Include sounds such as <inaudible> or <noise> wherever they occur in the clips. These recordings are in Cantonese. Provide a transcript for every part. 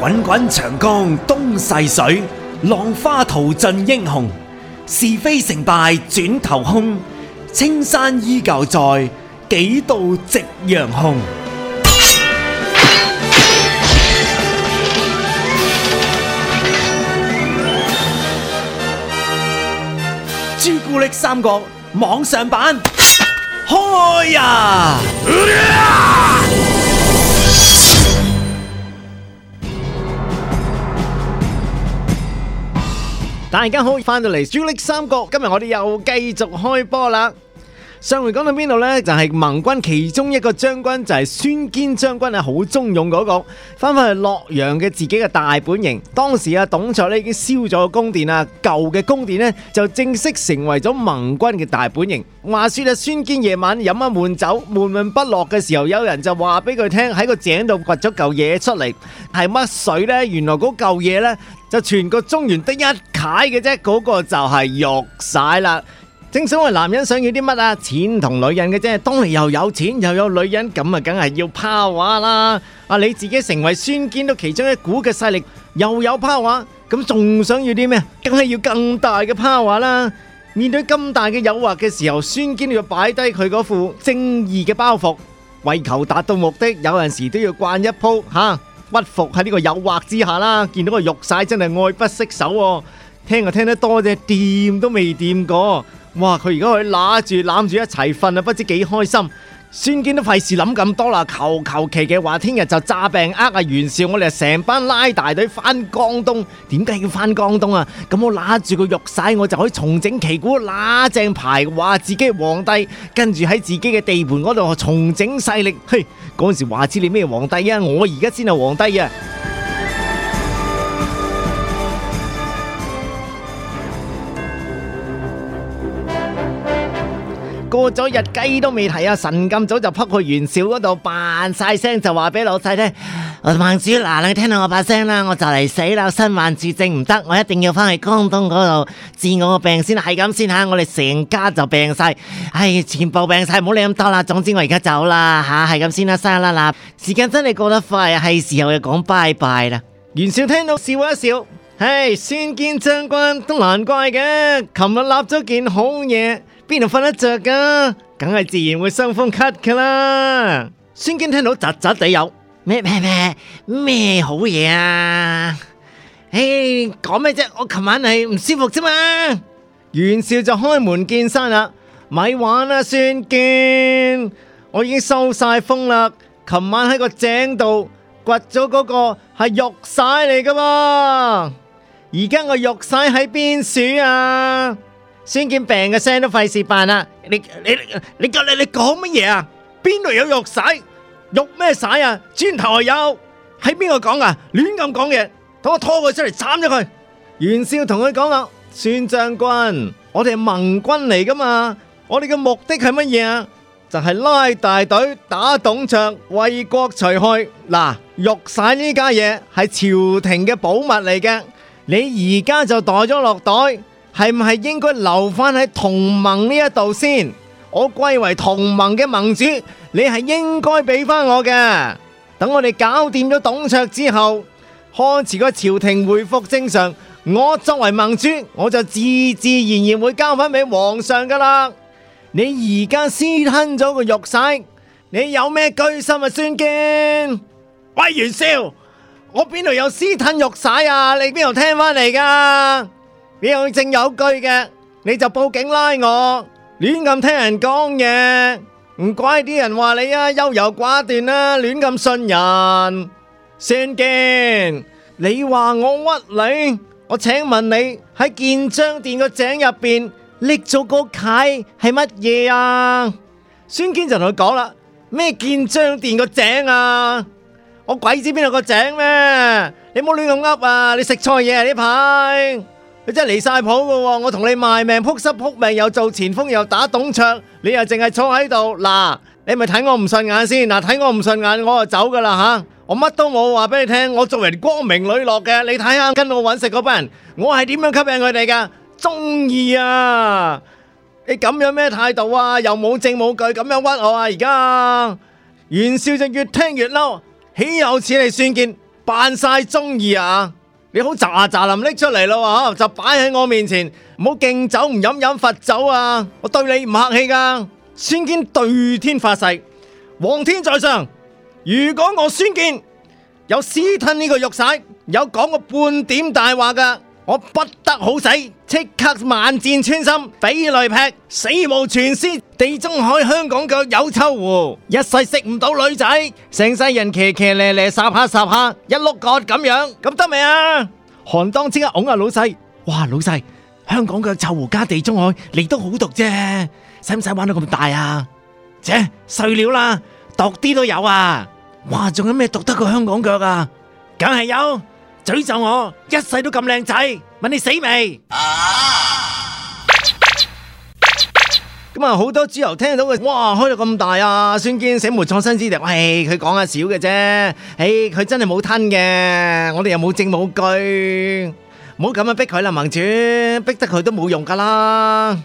滾滾長江東逝水，浪花淘盡英雄。是非成敗轉頭空。青山依舊在，幾度夕陽紅。朱古 <music> 力三國網上版，開呀！ <noise> 大家好，返到嚟朱古力三國，今日我哋又繼續開波啦。上回講到邊度咧？就係盟軍其中一個將軍就係孫堅將軍啊，好忠勇嗰個，翻返去洛陽嘅自己嘅大本營。當時啊，董卓咧已經燒咗個宮殿啦，舊嘅宮殿咧就正式成為咗盟軍嘅大本營。話說啊，孫堅夜晚飲一悶酒，悶悶不樂嘅時候，有人就話俾佢聽喺個井度掘咗嚿嘢出嚟，係乜水咧？原來嗰嚿嘢咧就全個中原得一契嘅啫，嗰個就係玉璽啦。正所謂男人想要啲乜啊？錢同女人嘅啫。當你又有錢又有女人，咁啊，梗係要 power 啦。啊，你自己成為孫堅都其中一股嘅勢力，又有 power，咁仲想要啲咩？梗係要更大嘅 power 啦。面對咁大嘅誘惑嘅時候，孫堅要擺低佢嗰副正義嘅包袱，為求達到目的，有陣時都要慣一鋪吓，啊，屈服喺呢個誘惑之下啦。見到個肉晒，真係愛不釋手哦。聽就聽得多啫，掂都未掂過。哇！佢而家佢攞住攬住一齊瞓啊，不知幾開心。孫堅都費事諗咁多啦，求求其其話，聽日就詐病呃啊袁紹，我哋成班拉大隊翻江東。點解要翻江東啊？咁我攞住個玉玺，我就可以重整旗鼓，攞正牌，話自己係皇帝，跟住喺自己嘅地盤嗰度重整勢力。嘿，嗰陣時話知你咩皇帝啊？我而家先係皇帝啊！過咗日雞都未提啊！神咁早就撲去袁紹嗰度，扮晒聲就話俾老細聽：盟主，嗱，你聽到我把聲啦，我就嚟死啦，身患絕症唔得，我一定要翻去江東嗰度治我個病先，係咁先吓！我哋成家就病晒，唉，全部病晒，唔好理咁多啦。總之我而家走啦吓，係咁先啦，沙啦啦！時間真係過得快啊，係時候要講拜拜啦！袁紹聽到笑一笑，唉，孫堅將軍都難怪嘅，琴日立咗件好嘢。邊度瞓得着噶、啊？梗係自然會傷風咳噶啦！孫堅聽到窒窒地，有咩咩咩咩好嘢啊？嘿，講咩啫？我琴晚係唔舒服啫嘛，啊！袁紹就開門見山啦，咪玩啦孫堅！我已經收晒風啦，琴晚喺個井度掘咗嗰個係玉璽嚟噶嘛，而家個玉璽喺邊處啊？先見病嘅聲都費事扮啦！你你你隔你講乜嘢啊？邊度有玉璽？玉咩璽啊？磚頭有？喺邊個講噶？亂咁講嘢！等我拖佢出嚟斬咗佢！袁紹同佢講啦，孫將軍，我哋盟軍嚟噶嘛？我哋嘅目的係乜嘢啊？就係、是、拉大隊打董卓，為國除害。嗱，玉璽呢家嘢係朝廷嘅寶物嚟嘅，你而家就袋咗落袋。係唔係應該留翻喺同盟呢一度先？我歸為同盟嘅盟主，你係應該俾翻我嘅。等我哋搞掂咗董卓之後，漢朝個朝廷回復正常，我作為盟主，我就自自然然會交翻俾皇上噶啦你而家私吞咗個玉璽，你有咩居心啊？孫堅。喂，袁紹，我邊度有私吞玉璽啊？你邊度聽翻嚟噶？你有證有據嘅，你就報警拉我，亂咁聽人講嘢，唔怪啲人話你啊優柔寡斷啦，亂咁信人。孫堅，你話我屈你，我請問你喺建章殿的井裡面個井入邊搦咗個璽係乜嘢啊？孫堅就同佢講啦，咩建章殿個井啊？我鬼知邊度個井咩？你唔好亂咁噏啊！你食錯嘢啊呢排。佢真係離晒譜噶喎！我同你賣命撲濕扑命，又做前鋒又打董卓，你又淨係坐喺度嗱，你咪睇我唔順眼先嗱，睇我唔順眼我就走噶啦吓！我乜都冇話俾你聽，我做人光明磊落嘅，你睇下跟我搵食嗰班人，我係點樣吸引佢哋噶？中意啊！你咁樣咩態度啊？又冇證冇據咁樣屈我啊！而家袁紹就越聽越嬲，豈有此理算見！孫堅扮晒中意啊！你好，咋啊咋冧拎出嚟咯，就擺喺我面前，唔好敬酒唔飲，飲罰酒啊！我對你唔客氣㗎，孫堅對天發誓，皇天在上，如果我孫堅有私吞呢個玉璽，有講過半點大話㗎。我不得好死，即刻萬箭穿心，俾雷劈，死無全屍。地中海香港腳有臭狐，一世食唔到女仔，成世人騎騎咧咧，霎下霎下一碌角咁樣，咁得未啊？韓當即刻拱阿老細，哇，老細，香港腳臭狐加地中海，你都好毒啫，使唔使玩到咁大啊？姐碎料啦，毒啲都有啊！哇，仲有咩毒得過香港腳啊？梗係有。詛咒我一世都咁靚仔，問你死未？咁啊，好多諸侯聽到佢，哇，開到咁大啊！孫堅死無葬身之地。喂，佢講下笑嘅啫，誒，佢真係冇吞嘅。我哋又冇證冇據，唔好咁樣逼佢啦，盟主，逼得佢都冇用噶啦。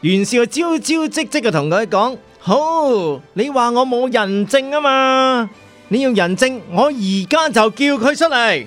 袁紹招招積積就同佢講，好，你話我冇人證啊嘛，你用人證，我而家就叫佢出嚟。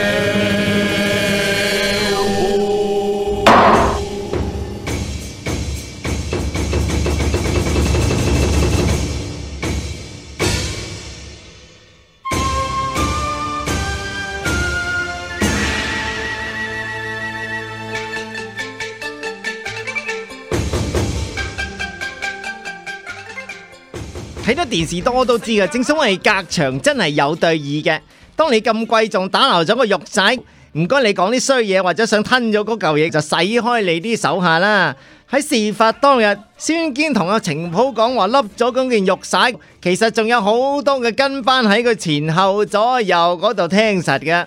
睇得電視多都知嘅，正所謂隔牆真係有對耳嘅。當你咁貴重打漏咗個玉璽，唔該你講啲衰嘢，或者想吞咗嗰嚿嘢就使開你啲手下啦。喺事發當日，孫堅同阿程普講話笠咗嗰件玉璽，其實仲有好多嘅跟班喺佢前後左右嗰度聽實嘅。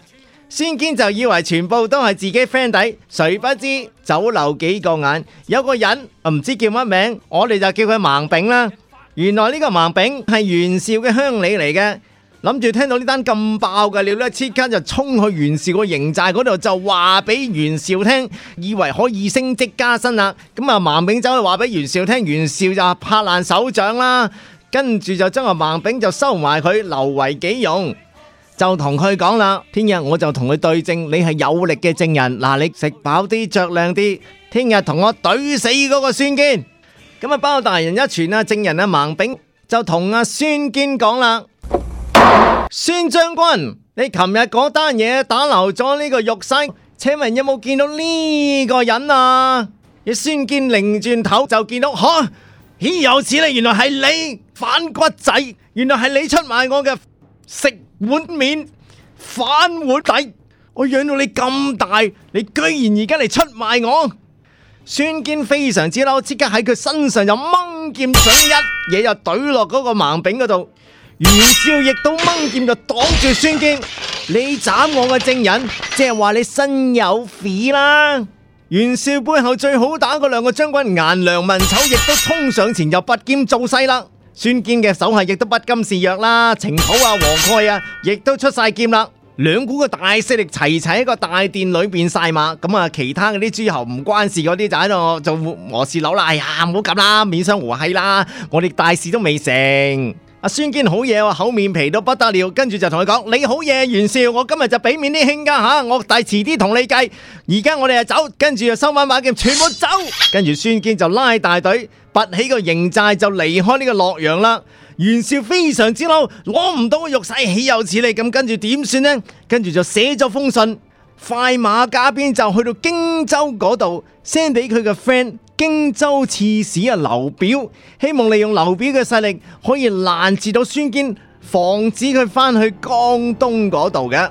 孫堅就以為全部都係自己 friend 底，誰不知走漏幾個眼，有個人唔知叫乜名，我哋就叫佢盲炳啦。原來呢個盲炳係袁紹嘅鄉里嚟嘅，諗住聽到呢單咁爆嘅料呢，即刻就衝去袁紹個營寨嗰度，就話俾袁紹聽，以為可以升職加薪啦。咁啊，盲炳走去話俾袁紹聽，袁紹就拍爛手掌啦，跟住就將個盲炳就收埋佢，留為己用，就同佢講啦，聽日我就同佢對證，你係有力嘅證人，嗱，你食飽啲，着靚啲，聽日同我懟死嗰個孫堅。咁啊！包大人一傳啊，證人阿盲炳就同阿孫堅講啦，孫將軍，你琴日嗰單嘢打漏咗呢個玉璽，請問有冇見到呢個人啊？而孫堅擰轉頭就見到，吓，咦，豈有此理！原來係你反骨仔，原來係你出賣我嘅，食碗麵反碗底，我養到你咁大，你居然而家嚟出賣我！孫堅非常之嬲，即刻喺佢身上就掹劍想一嘢就懟落嗰個盲餅嗰度。袁紹亦都掹劍就擋住孫堅，你斬我嘅證人，即係話你身有匪啦。袁紹背後最好打嗰兩個將軍顏良、文醜亦都衝上前就拔劍做勢啦。孫堅嘅手下亦都不甘示弱啦，程普啊、黃蓋啊，亦都出晒劍啦。兩股嘅大勢力齊齊喺個大殿裏邊曬馬，咁啊，其他嗰啲諸侯唔關事嗰啲就喺度就和事佬啦。哎呀，唔好咁啦，免傷和氣啦，我哋大事都未成。阿孫堅好嘢，口面皮都不得了，跟住就同佢講，你好嘢，袁紹，我今日就俾面啲卿家吓，我大遲啲同你計，而家我哋就走，跟住就收翻把劍，全部走，跟住孫堅就拉大隊拔起個營寨就離開呢個洛陽啦。袁紹非常之嬲，攞唔到個玉璽，豈有此理？咁跟住點算呢？跟住就寫咗封信，快馬加鞭就去到荊州嗰度，send 俾佢個 friend 荊州刺史啊劉表，希望利用劉表嘅勢力可以攔截到孫堅，防止佢返去江東嗰度嘅。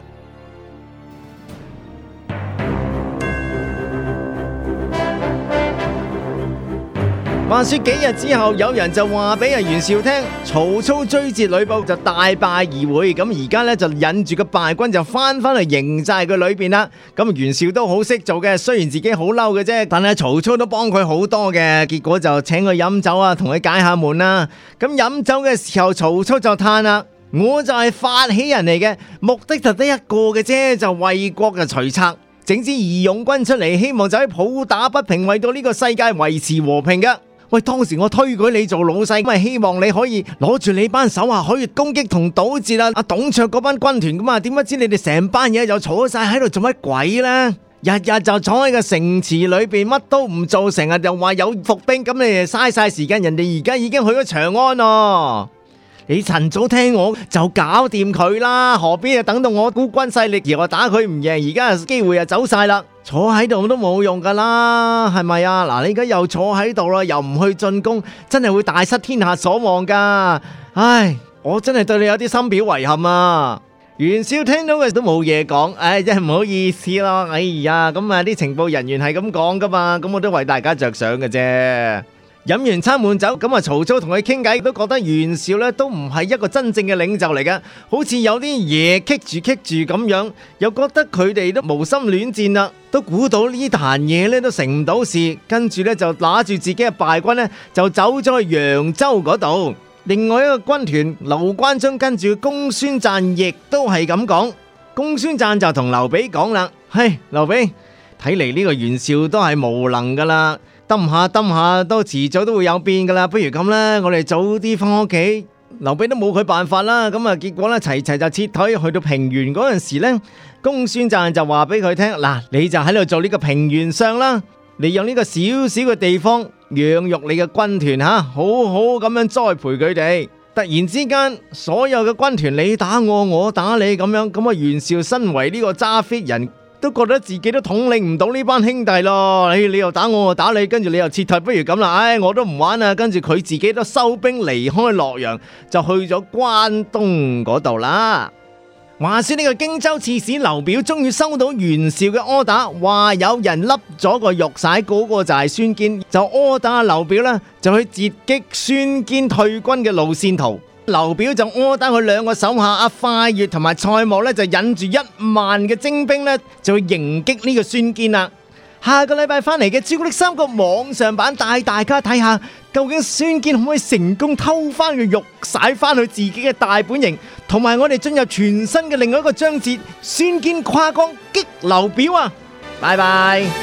話說幾日之後，有人就話俾阿袁紹聽，曹操追截呂布就大敗而回。咁而家呢，就引住個敗軍就翻翻去營寨佢裏邊啦。咁袁紹都好識做嘅，雖然自己好嬲嘅啫，但係曹操都幫佢好多嘅。結果就請佢飲酒啊，同佢解下悶啦。咁飲酒嘅時候，曹操就嘆啦：我就係發起人嚟嘅，目的就得一個嘅啫，就為國嘅除賊，整支義勇軍出嚟，希望就可以抱打不平，為到呢個世界維持和平噶。喂，當時我推舉你做老細，咁係希望你可以攞住你班手下可以攻擊同堵截啦、啊，董卓嗰班軍團噶嘛，點不知你哋成班嘢又坐晒喺度做乜鬼呢？日日就坐喺個城池裏邊，乜都唔做，成日又話有伏兵，咁你又嘥晒時間。人哋而家已經去咗長安哦。你趁早聽我就搞掂佢啦，何必啊等到我孤軍勢力而我打佢唔贏？而家機會啊走晒啦。坐喺度都冇用噶啦，係咪啊？嗱，你而家又坐喺度啦，又唔去進攻，真係會大失天下所望噶。唉，我真係對你有啲深表遺憾啊！袁紹聽到嘅都冇嘢講，唉，真係唔好意思咯。哎呀，咁啊啲情報人員係咁講噶嘛，咁我都為大家着想嘅啫。飲完餐滿酒，咁啊，曹操同佢傾偈，都覺得袁紹呢都唔係一個真正嘅領袖嚟嘅，好似有啲嘢棘住棘住咁樣，又覺得佢哋都無心戀戰啦，都估到呢壇嘢呢都成唔到事，跟住呢就拿住自己嘅敗軍呢，就走咗去揚州嗰度。另外一個軍團劉關張跟住公孫瓚亦都係咁講，公孫瓚就同劉備講啦：嘿，劉備，睇嚟呢個袁紹都係無能噶啦。掟下掟下都遲早都會有變噶啦，不如咁咧，我哋早啲翻屋企，劉備都冇佢辦法啦。咁啊，結果咧齊齊就撤退，去到平原嗰陣時咧，公孫瓚就話俾佢聽嗱，你就喺度做呢個平原相啦，你用呢個小小嘅地方養育你嘅軍團吓，好好咁樣栽培佢哋。突然之間，所有嘅軍團你打我，我打你咁樣，咁啊袁紹身為呢個揸 fit 人。都覺得自己都統領唔到呢班兄弟咯，你你又打我，我打你，跟住你又撤退，不如咁啦，唉，我都唔玩啦，跟住佢自己都收兵離開洛陽，就去咗關東嗰度啦。話說呢個荊州刺史劉表終於收到袁紹嘅柯打，話有人笠咗個玉璽，嗰個就係孫堅，就柯打阿劉表咧，就去截擊孫堅退軍嘅路線圖。劉表就柯打佢兩個手下阿蒯、啊、越同埋蔡瑁咧，就引住一萬嘅精兵咧，就去迎擊呢個孫堅啦。下個禮拜翻嚟嘅朱古力三國網上版帶大家睇下究竟孫堅可唔可以成功偷翻個玉璽翻去自己嘅大本營，同埋我哋進入全新嘅另外一個章節：孫堅跨江擊劉表啊！拜拜。